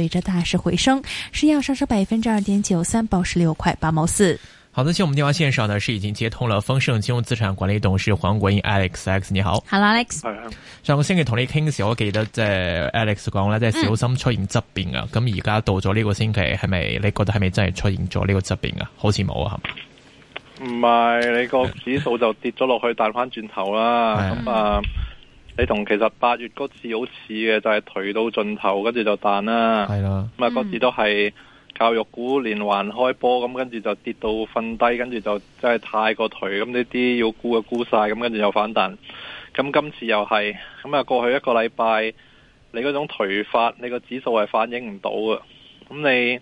隨着大市回升，市要上升百分之二點九三，報十六塊八毛四。好的，接我們電話線上呢，是已經接通了豐盛金融資產管理董事黃國英 Alex，X。Alex, x, 你好。Hello Alex 係上個星期同你傾時，我記得即係 Alex 講咧，即係小心出現疾病啊。咁而家到咗呢個星期，係咪你覺得係咪真係出現咗呢個疾病啊？好似冇啊。唔係，你個指數就跌咗落去，彈翻轉頭啦。咁、嗯、啊。Uh, 你同其實八月嗰次好似嘅，就係、是、頹到盡頭，跟住就彈啦。係啦，咁啊，嗰次都係教育股連環開波，咁跟住就跌到瞓低，跟住就真係太過頹，咁呢啲要沽嘅沽曬，咁跟住又反彈。咁今次又係，咁啊過去一個禮拜，你嗰種頹法，你個指數係反映唔到嘅。咁你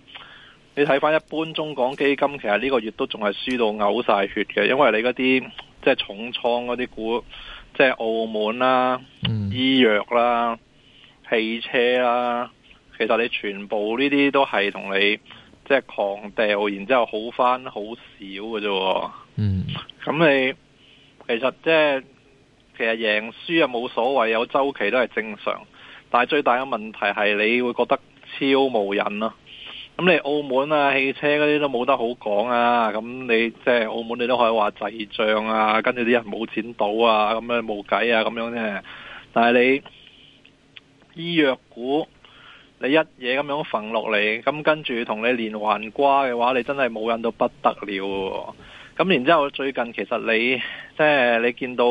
你睇翻一般中港基金，其實呢個月都仲係輸到嘔曬血嘅，因為你嗰啲即係重倉嗰啲股。即係澳門啦，嗯、醫藥啦，汽車啦，其實你全部呢啲都係同你即係狂掉，然之後好翻好少㗎啫。嗯，咁你其實即係，其實贏輸呀冇所謂，有周期都係正常。但係最大嘅問題係你會覺得超無癮咯，啊。咁你澳門啊，汽車嗰啲都冇得好講啊。咁你即係、就是、澳門，你都可以話滯脹啊。跟住啲人冇錢賭啊，咁樣冇計啊，咁樣啫。但係你醫藥股，你一嘢咁樣揈落嚟，咁跟住同你連環瓜嘅話，你真係冇癮到不得了。咁然之後，最近其實你即係、就是、你見到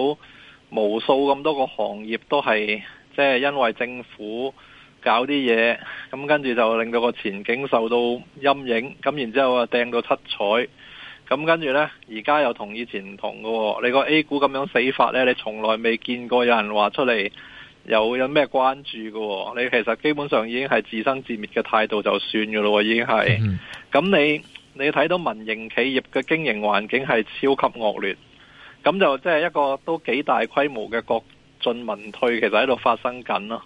無數咁多個行業都係即係因為政府。搞啲嘢，咁跟住就令到個前景受到陰影，咁然之後啊掟到七彩，咁跟住咧，而家又同以前唔同㗎喎，你個 A 股咁樣死法咧，你從來未見過有人話出嚟有有咩關注㗎喎，你其實基本上已經係自生自滅嘅態度就算嘅咯，已經係，咁你你睇到民營企業嘅經營環境係超級惡劣，咁就即係一個都幾大規模嘅國進民退，其實喺度發生緊咯，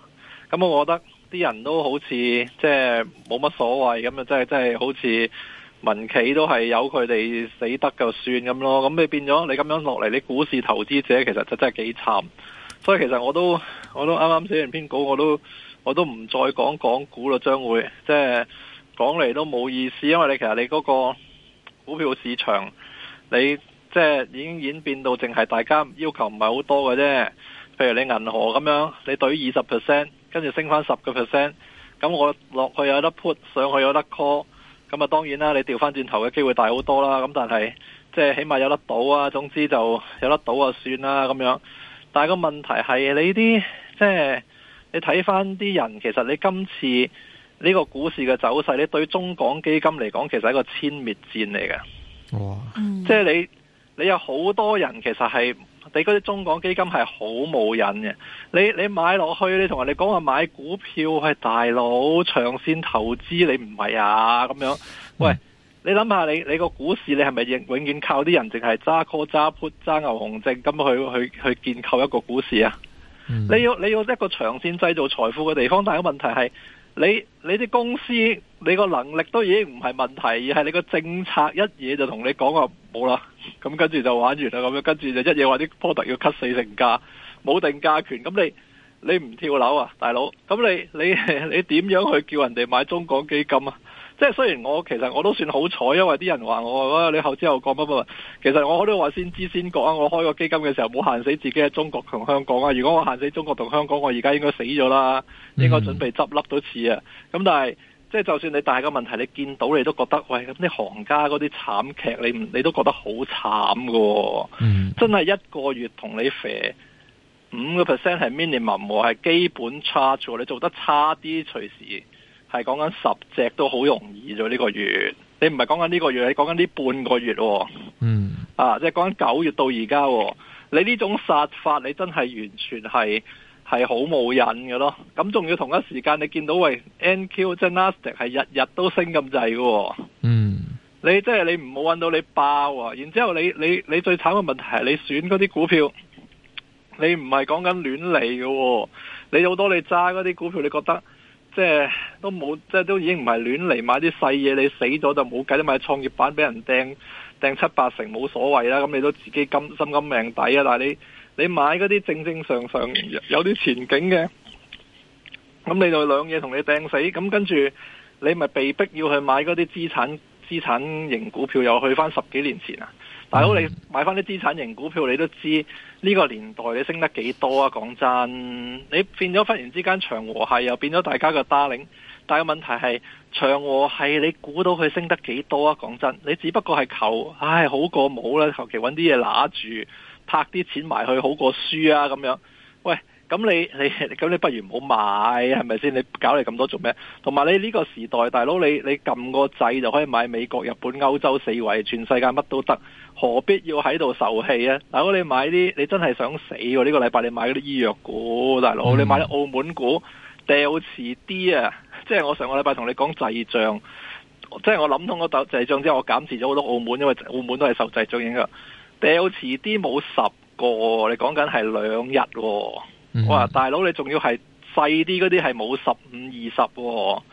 咁我覺得。啲人都好似即係冇乜所謂咁啊！真係真係好似民企都係由佢哋死得就算咁咯。咁你變咗你咁樣落嚟，你股市投資者其實就真係幾慘。所以其實我都我都啱啱寫完篇稿，我都我都唔再講港股啦將會即係講嚟都冇意思。因為你其實你嗰個股票市場，你即係已經演變到淨係大家要求唔係好多嘅啫。譬如你銀河咁樣，你對於二十 percent。跟住升翻十個 percent，咁我落去有得 put，上去有得 call，咁啊當然啦，你調翻轉頭嘅機會大好多啦，咁但係即係起碼有得賭啊，總之就有得賭就算啦咁樣。但係個問題係你啲即係你睇翻啲人，其實你今次呢個股市嘅走勢，你對中港基金嚟講，其實係一個殲滅戰嚟嘅。哇！即係你你有好多人其實係。你嗰啲中港基金係好冇癮嘅，你你買落去，你同人哋講話買股票係大佬長線投資你、啊，你唔係啊咁樣。喂，你諗下你，你你個股市你係咪亦永遠靠啲人淨係揸 call 揸 put 揸牛熊證咁去去去建構一個股市啊？嗯、你要你要一個長線製造財富嘅地方，但係問題係你你啲公司你個能力都已經唔係問題，而係你個政策一嘢就同你講話。冇啦，咁跟住就玩完啦，咁樣跟住就一嘢話啲波特要 cut 死成價，冇定價權，咁你你唔跳樓啊，大佬，咁你你你點樣去叫人哋買中港基金啊？即係雖然我其實我都算好彩，因為啲人話我啊，你後知後覺乜乜乜，其實我我都話先知先覺啊，我開個基金嘅時候冇限死自己喺中國同香港啊，如果我限死中國同香港，我而家應該死咗啦，應該準備執笠都似啊，咁但係。即係就算你大個問題，你見到你都覺得，喂咁啲行家嗰啲慘劇，你你都覺得好慘噶、喎。嗯，真係一個月同你肥，五個 percent 係 minimum 係基本差錯，你做得差啲隨時係講緊十隻都好容易咗、啊、呢、呢個月。你唔係講緊呢個月，你講緊呢半個月、喎。嗯，啊，即係講緊九月到而家、喎，你呢種殺法你真係完全係。係好冇癮嘅咯，咁仲要同一時間你見到，喂 NQ 即係 Nasdaq 係日日都升咁滯㗎。嗯，你即係你唔好搵到你爆啊，然之後，你你你最慘嘅問題係你選嗰啲股票，你唔係講緊亂嚟嘅，你好多你揸嗰啲股票你覺得即係都冇即係都已經唔係亂嚟，買啲細嘢你死咗就冇計，買創業板俾人掟掟七八成冇所謂啦，咁你都自己甘心甘命抵啊，但係你。你買嗰啲正正常常有啲前景嘅，咁你就兩嘢同你掟死，咁跟住你咪被逼要去買嗰啲資產資產型股票，又去翻十幾年前啊！大佬你買翻啲資產型股票，你都知呢個年代你升得幾多啊？講真，你變咗忽然之間長和系又變咗大家嘅 darling，但係個問題係長和系你估到佢升得幾多啊？講真，你只不過係求唉好過冇啦，求其揾啲嘢拿住。拍啲錢埋去好過輸啊！咁樣，喂，咁你你咁你不如唔好買，係咪先？你搞嚟咁多做咩？同埋你呢個時代，大佬你你撳個掣就可以買美國、日本、歐洲四圍，全世界乜都得，何必要喺度受氣啊？大佬你買啲，你真係想死喎！呢、這個禮拜你買嗰啲醫藥股，大佬、嗯、你買啲澳門股掉遲啲啊！即係我上個禮拜同你講滯脹，即係我諗通咗個滯脹之後，我減持咗好多澳門，因為澳門都係受滯脹影響。掉遲啲冇十個，你講緊係兩日、哦。喎、嗯。大佬你仲要係細啲嗰啲係冇十五二十、哦。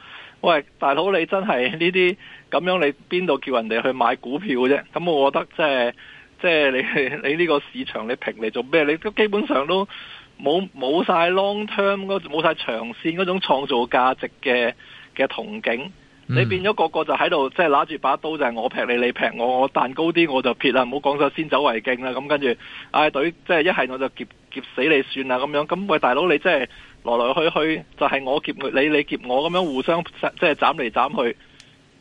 喂，大佬你真係呢啲咁樣，你邊度叫人哋去買股票啫？咁我覺得即係即係你你呢個市場你評嚟做咩？你都基本上都冇冇曬 long term 嗰冇曬長線嗰種創造價值嘅嘅憧憬。你變咗個個就喺度，即係攞住把刀，就係我劈你，你劈我，我彈高啲我就撇啦，唔好講就先走為敬啦。咁跟住，唉、哎、對，即係、就是、一係我就劫劫死你算啦咁樣。咁，喂大佬，你即係來來去去就係、是、我劫你，你劫我咁樣互相即係、就是、斬嚟斬去。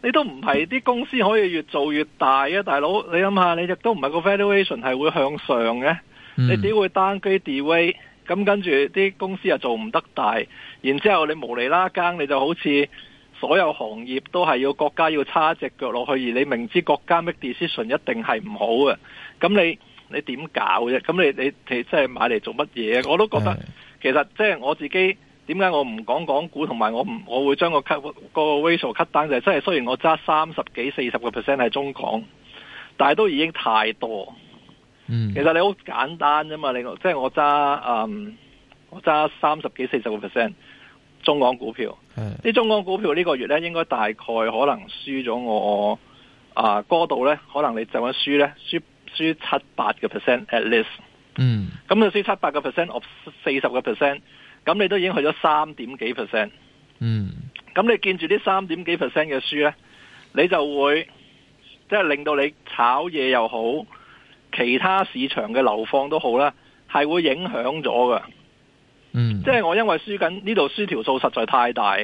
你都唔係啲公司可以越做越大啊，大佬。你諗下，你亦都唔係個 valuation 係會向上嘅，你點會 downgrade devalue 咁跟住啲公司又做唔得大，然之後你無厘啦，更，你就好似～所有行業都係要國家要插一隻腳落去，而你明知國家 make decision 一定係唔好嘅，咁你你點搞啫？咁你你即係買嚟做乜嘢？我都覺得其實即係我自己點解我唔講港股同埋我唔我會將個 cut 個 ratio cut 單就係雖然我揸三十幾四十個 percent 喺中港，但係都已經太多。其實你好簡單啫嘛，你即係、即係、我揸嗯我揸三十幾四十個 percent。中港股票，啲中港股票呢個月呢應該大概可能輸咗我啊、呃、度呢，可能你就咁輸呢，輸輸七八個 percent at least。嗯，咁你輸七八個 percent of 四十個 percent，咁你都已經去咗三點幾 percent。嗯，咁你見住呢三點幾 percent 嘅輸呢，你就會即係、就是、令到你炒嘢又好，其他市場嘅流況都好啦，係會影響咗㗎。嗯，即係我因為輸緊呢度輸條數實在太大，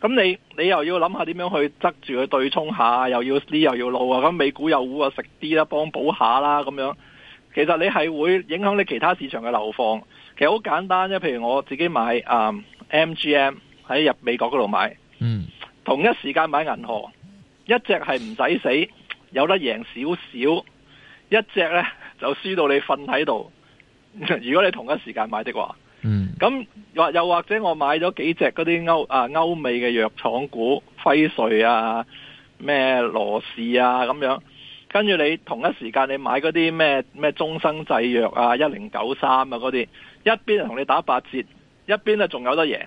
咁你你又要諗下點樣去側住去對沖下，又要你又要路啊，咁美股又糊啊食啲啦，幫補下啦咁樣。其實你係會影響你其他市場嘅流況。其實好簡單啫，譬如我自己買啊、嗯、MGM 喺入美國嗰度買，嗯，同一時間買銀河，一隻係唔使死，有得贏少少，一隻呢就輸到你瞓喺度。如果你同一時間買的話。嗯，咁又或者我買咗幾隻嗰啲歐啊歐美嘅藥廠股輝瑞啊，咩羅氏啊咁樣，跟住你同一時間你買嗰啲咩咩中生製藥啊一零九三啊嗰啲，一邊同你打八折，一邊仲有得贏，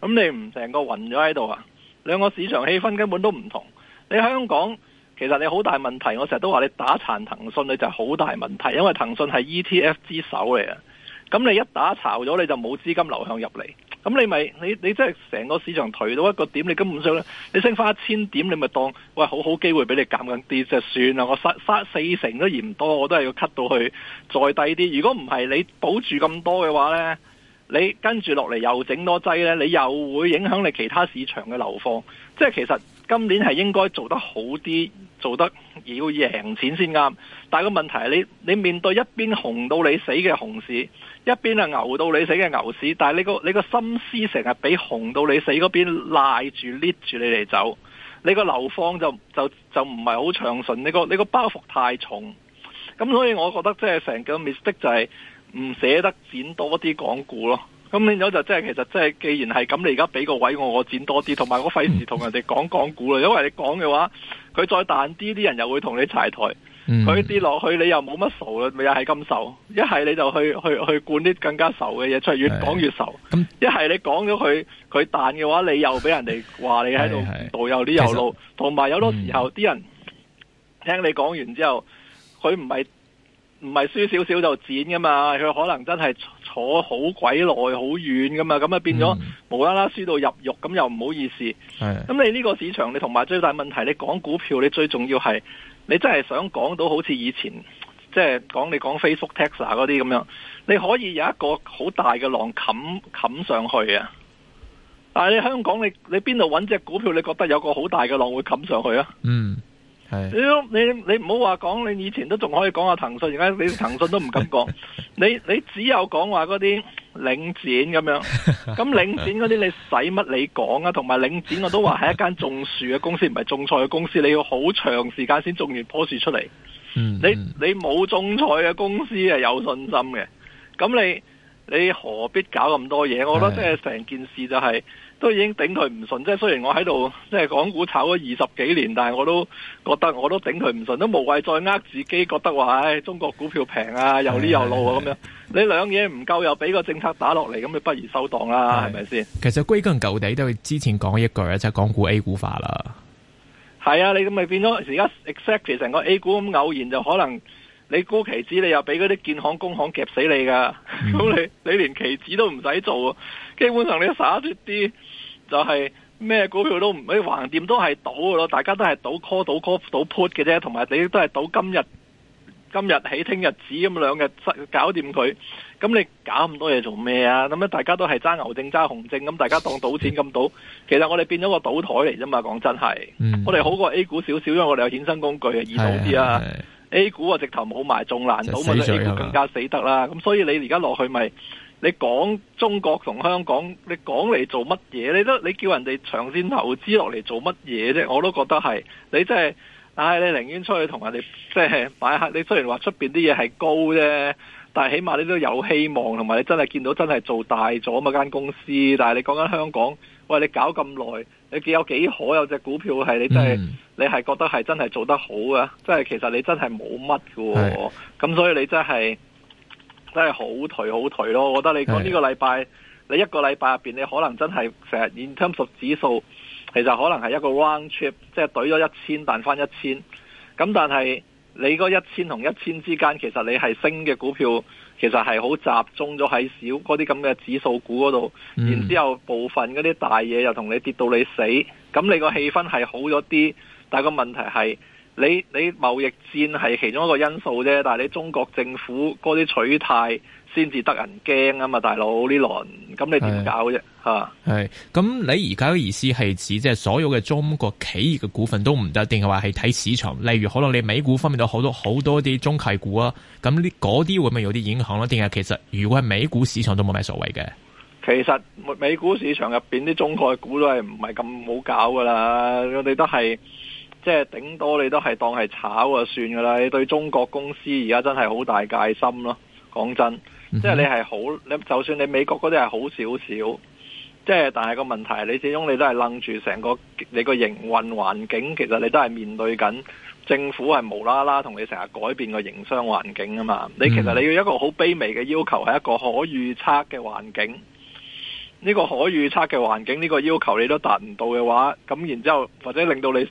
咁你唔成個暈咗喺度啊？兩個市場氣氛根本都唔同。你香港其實你好大問題，我成日都話你打殘騰訊你就好大問題，因為騰訊係 E T F 之首嚟啊。咁你一打巢咗，你就冇資金流向入嚟。咁你咪你你即係成個市場退到一個點，你根本上咧，你升翻一千點，你咪當「喂，好好機會俾你減緊啲」就算啦。我失失四成都嫌多，我都係要 cut 到去再低啲。如果唔係你保住咁多嘅話呢，你跟住落嚟又整多劑呢，你又會影響你其他市場嘅流放。即係其實。今年係應該做得好啲，做得要贏錢先啱。但係個問題係你你面對一邊紅到你死嘅熊市，一邊係牛到你死嘅牛市，但係你個你個心思成日俾紅到你死嗰邊賴住捏住你嚟走，你個流放就就就唔係好長順。你個你個包袱太重，咁所以我覺得即係成個 miss 的就係唔捨得剪多啲港故咯。咁變咗就即係其實即係，既然係咁，你而家俾個位我，我剪多啲，同埋我費事同人哋講講古啦。因為你講嘅話，佢再彈啲，啲人又會同你柴台。佢跌落去，你又冇乜愁啦，咪又係咁愁。一係你就去去去，去灌啲更加愁嘅嘢出嚟，越講越愁。一係你講咗佢，佢彈嘅話，你又俾人哋話你喺度導遊啲遊路，同埋有好多時候啲、嗯、人聽你講完之後，佢唔係。唔係輸少少就剪噶嘛。佢可能真係坐好鬼耐好遠噶嘛，咁啊變咗無啦啦輸到入獄，咁、嗯、又唔好意思。咁你呢個市場，你同埋最大問題，你講股票，你最重要係你真係想講到好似以前，即係講你講 Facebook、Tesla 嗰啲咁樣，你可以有一個好大嘅浪冚冚上去啊！但係你香港，你你邊度揾隻股票，你覺得有個好大嘅浪會冚上去啊？嗯。你你唔好話講，你以前都仲可以講下騰訊，而家你騰訊都唔敢講。 你你只有講話嗰啲領展咁樣，咁領展嗰啲你使乜你講啊？同埋領展我都話係一間種樹嘅公司，唔係種菜嘅公司。你要好長時間先種完棵樹出嚟。嗯嗯。你你冇種菜嘅公司係有信心嘅。咁你你何必搞咁多嘢？我覺得即係成件事就係。是。是都已經頂佢唔順，即係雖然我喺度即係港股炒咗二十幾年，但係我都覺得我都頂佢唔順，都無謂再呃自己，覺得話唉，中國股票平啊，又呢又路啊咁樣，你兩嘢唔夠又俾個政策打落嚟，咁你不如收檔啦，係咪先？其實歸根究底都係之前講一句啊，就係、是、港股 A 股化啦。係啊，你咁咪變咗而家 exactly 成個 A 股咁，偶然就可能你沽期指，你又俾嗰啲建行、工行夾死你噶，咁、嗯、你你連期指都唔使做，基本上你灑脫啲。就係、是、咩股票都唔可以橫掂都係賭噶咯，大家都係賭 call，賭 call 賭、賭 call、賭 put 嘅啫，同埋你都係賭今日今日起聽日止咁兩日搞掂佢，咁你搞咁多嘢做咩啊？咁樣大家都係揸牛證揸熊證，咁大家當賭錢咁賭、嗯，其實我哋變咗個賭台嚟啫嘛。講真係、嗯，我哋好過 A 股少少，因為我哋有衍生工具啊，易賭啲啊。A 股啊，直頭冇賣，仲難賭，咁啊 A 股更加死得啦。咁、嗯、所以你而家落去咪？你講中國同香港，你講嚟做乜嘢？你都你叫人哋長線投資落嚟做乜嘢啫？我都覺得係你真係，但、哎、係你寧願出去同人哋即係擺下。你雖然話出面啲嘢係高啫，但係起碼你都有希望，同埋你真係見到真係做大咗嘛間公司。但係你講緊香港，喂，你搞咁耐，你幾有幾可有隻股票係你真係、嗯、你係覺得係真係做得好啊？即係其實你真係冇乜喎。咁所以你真係。真係好頹好頹咯！我覺得你講呢個禮拜，你一個禮拜入邊，你可能真係成日 in terms of 指數，其實可能係一個 round trip，即係對咗一千，彈翻一千。咁但係你嗰一千同一千之間，其實你係升嘅股票，其實係好集中咗喺少嗰啲咁嘅指數股嗰度，然之後部分嗰啲大嘢又同你跌到你死。咁你個氣氛係好咗啲，但係個問題係。你你貿易戰係其中一個因素啫，但係你中國政府嗰啲取態先至得人驚啊嘛，大佬這那呢輪，咁你點搞啫？吓係，咁你而家嘅意思係指即係所有嘅中國企業嘅股份都唔得，定係話係睇市場？例如可能你美股分面到好多好多啲中概股啊，咁呢嗰啲會唔會有啲影響咧，啊？定係其實如果係美股市場都冇咩所謂嘅？其實美股市場入邊啲中概股都係唔係咁好搞噶啦，我哋都係。即係頂多你都係當係炒啊算噶啦，你對中國公司而家真係好大戒心咯。講真，即係你係好，你就算你美國嗰啲係好少少，即係但係個問題，你始終你都係楞住成個你個營運環境，其實你都係面對緊政府係無啦啦同你成日改變個營商環境啊嘛。你其實你要一個好卑微嘅要求，係一個可預測嘅環境。呢個可預測嘅環境，呢個要求你都達唔到嘅話，咁然之後或者令到你。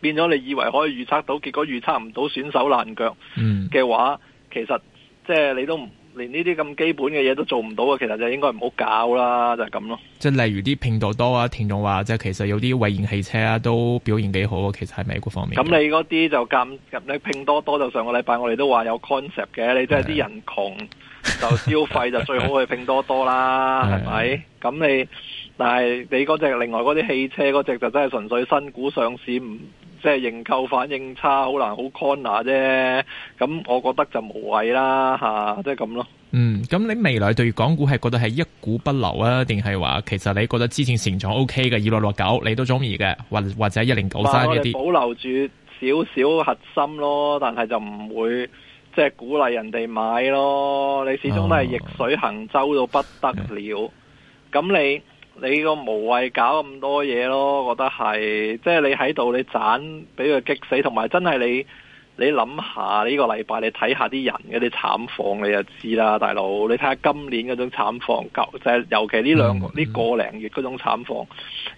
變咗你以為可以預測到，結果預測唔到選手爛腳，損手爛腳嘅話，其實即係你都唔連呢啲咁基本嘅嘢都做唔到啊！其實就應該唔好搞啦，就係咁咯。即係例如啲拼多多啊，聽眾話即係其實有啲蔚然汽車啊，都表現幾好，其實係美國方面。咁你嗰啲就咁你拼多多就上個禮拜我哋都話有 concept 嘅，你真係啲人窮 就消費就最好去拼多多啦，係 咪不是？咁 你但係你嗰隻另外嗰啲汽車嗰隻就真係純粹新股上市唔。即係認購反應差，好難好 corner 啫。咁我覺得就無謂啦，吓、啊，即係咁咯。嗯，咁你未來對港股係覺得係一股不留啊？定係話其實你覺得之前成長 O K 嘅二六六九，2669, 你都中意嘅，或者或者一零九三呢啲。我保留住少少核心咯，但係就唔會即係、就是、鼓勵人哋買咯。你始終都係逆水行舟到不得了。咁、哦、你？你個無謂搞咁多嘢咯，覺得係即係你喺度你盞俾佢激死，同埋真係你你諗下呢個禮拜你睇下啲人嗰啲慘況，你就知啦，大佬。你睇下今年嗰種慘況，就係尤其呢兩個呢、嗯嗯、個零月嗰種慘況，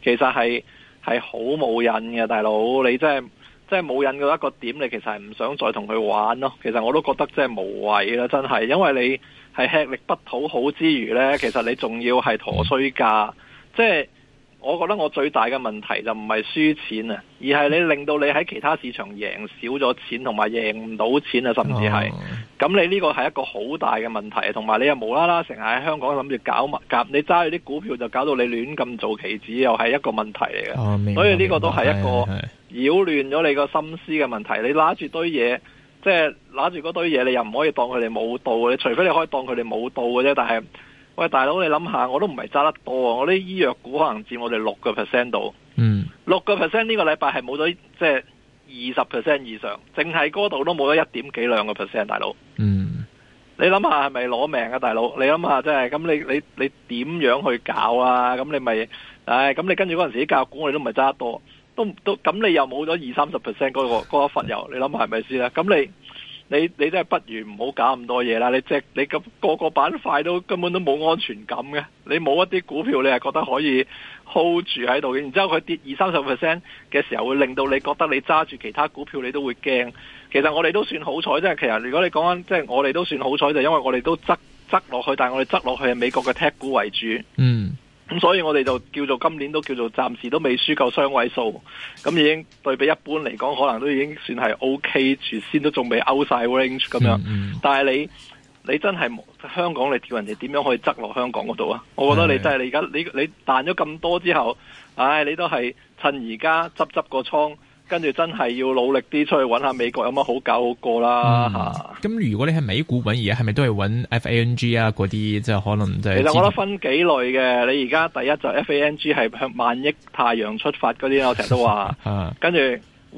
其實係係好冇癮嘅，大佬。你真係即係冇癮嘅一個點，你其實係唔想再同佢玩咯。其實我都覺得即係無謂啦，真係，因為你係吃力不討好之餘呢，其實你仲要係陀衰家。即係我覺得我最大嘅問題就唔係輸錢啊，而係你令到你喺其他市場贏少咗錢，同埋贏唔到錢啊，甚至係咁、oh. 你呢個係一個好大嘅問題，同埋你又無啦啦成日喺香港諗住搞物夾，你揸住啲股票就搞到你亂咁做棋子，又係一個問題嚟嘅、oh,。所以呢個都係一個擾亂咗你個心思嘅問題。你攞住堆嘢，即係攞住嗰堆嘢，你又唔可以當佢哋冇到嘅，你除非你可以當佢哋冇到嘅啫，但係。喂，大佬，你諗下，我都唔係揸得多，我啲醫藥股可能佔我哋六個 percent 度，嗯，六個 percent 呢個禮拜係冇咗，即係二十 percent 以上，淨係嗰度都冇咗一點幾兩個 percent，大佬。嗯，你諗下係咪攞命啊，大佬？你諗下真係，咁、就是、你你你點樣去搞啊？咁你咪，唉、哎，咁你跟住嗰陣時啲教育股，我哋都唔係揸得多，都都咁你又冇咗二三十 percent 嗰個嗰一忽油，你諗下係咪先啦？咁你。你你真係不如唔好搞咁多嘢啦！你只你咁個個板塊都根本都冇安全感嘅，你冇一啲股票你係覺得可以 hold 住喺度嘅，然之後佢跌二三十 percent 嘅時候會令到你覺得你揸住其他股票你都會驚。其實我哋都算好彩，即係其實如果你講緊即係我哋都算好彩，就因為我哋都側側落去，但係我哋側落去係美國嘅 tech 股為主。嗯。咁、嗯、所以我哋就叫做今年都叫做暫時都未輸夠雙位數，咁已經對比一般嚟講，可能都已經算係 OK 住，先都仲未 out 曬 range 咁樣。嗯嗯，但係你你真係香港你叫人哋點樣可以執落香港嗰度啊？我覺得你真係你而家你你彈咗咁多之後，唉、哎，你都係趁而家執執個倉。跟住真係要努力啲出去揾下美國有乜好搞，好過啦。咁、嗯、如果你喺美股揾，而家係咪都係揾 F A N G 啊嗰啲，即係可能即係。其實我覺得分幾類嘅。你而家第一就 F A N G 係向萬億太陽出發嗰啲，我成日都話。 跟住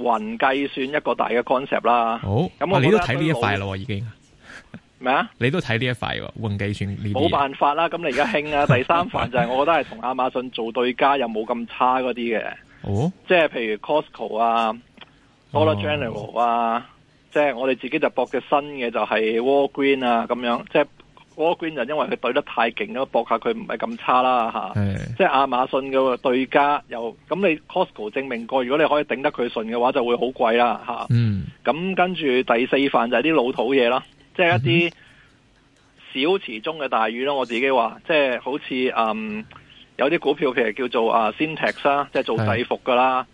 雲計算一個大嘅 concept 啦。好、哦。咁、嗯啊、我你都睇呢一塊喎， 已經。咩啊？你都睇呢一塊喎，雲計算呢啲。冇辦法啦，咁你而家興啊。 第三份就係我覺得係同亞馬遜做對家又冇咁差嗰啲嘅。哦，即係譬如 Costco 啊，Whole，哦、Foods 啊，即係我哋自己博的新的就博嘅新嘅就係 Walgreens 啊咁樣，即係 Walgreens 就因為佢對得太勁咯，博下佢唔係咁差啦吓。即係亞馬遜嘅對家又咁，由那你 Costco 證明過，如果你可以頂得佢順嘅話，就會好貴啦吓。咁、嗯啊、跟住第四份就係啲老土嘢啦，即係一啲小池中嘅大魚咯。我自己話即係好似嗯。有啲股票其實叫做，Syntex, 做、嗯、Rollins, 啊 s y n t a e x 啦，即係做制服噶啦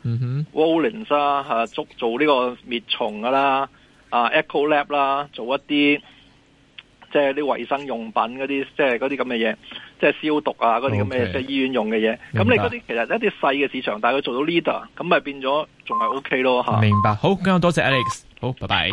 w a l e n s 啦嚇，做做呢個滅蟲噶啦，啊，EchoLab 啦，Ecolab, 做一啲即係啲衞生用品嗰啲，即係嗰啲咁嘅嘢，即係消毒啊，嗰啲咁嘅即係醫院用嘅嘢。咁你嗰啲其實一啲細嘅市場，但佢做到 leader，咁咪變咗仲係 OK 咯、啊、明白。好，咁多謝 Alex。好，拜拜。